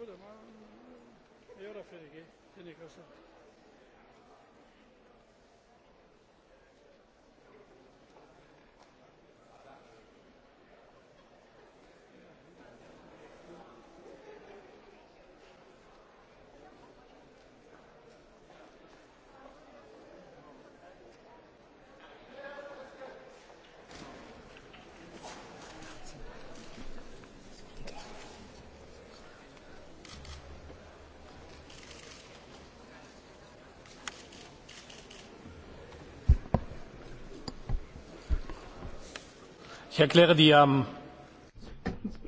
küll, ma ei ole ühtegi senikassat.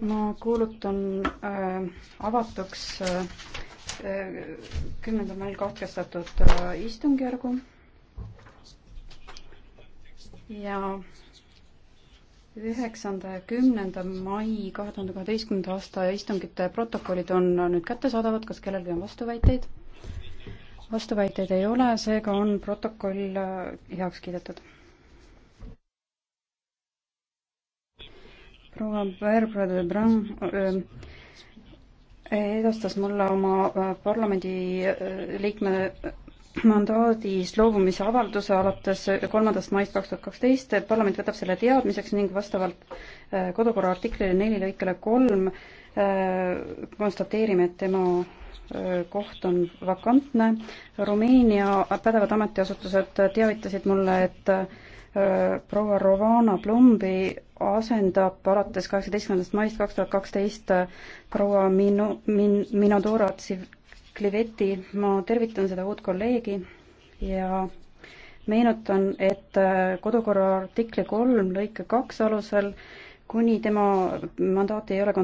ma kuulutan äh, avatuks äh, äh, kümnendal äh, mail katkestatud äh, istungjärgu ja üheksanda ja kümnenda mai kahe tuhande kaheteistkümnenda aasta istungite protokollid on nüüd kättesaadavad, kas kellelgi on vastuväiteid? vastuväiteid ei ole, seega on protokoll äh, heaks kiidetud proua Berbrede Bram ähm, edastas mulle oma äh, parlamendiliikme äh, äh, mandaadist loobumise avalduse alates kolmandast maist kaks tuhat kaksteist. parlament võtab selle teadmiseks ning vastavalt kodukorra artiklile neli lõikele kolm Äh, konstateerime, et tema äh, koht on vakantne. Rumeenia pädevad ametiasutused teavitasid mulle, et äh, proua Rovana Plumbi asendab alates kaheksateistkümnendast maist kaks tuhat kaksteist proua Minu-, Min-, Minodora Tsivkliveti. ma tervitan seda uut kolleegi ja meenutan, et kodukorra artikli kolm lõike kaks alusel kuni tema mandaati ei ole kont-,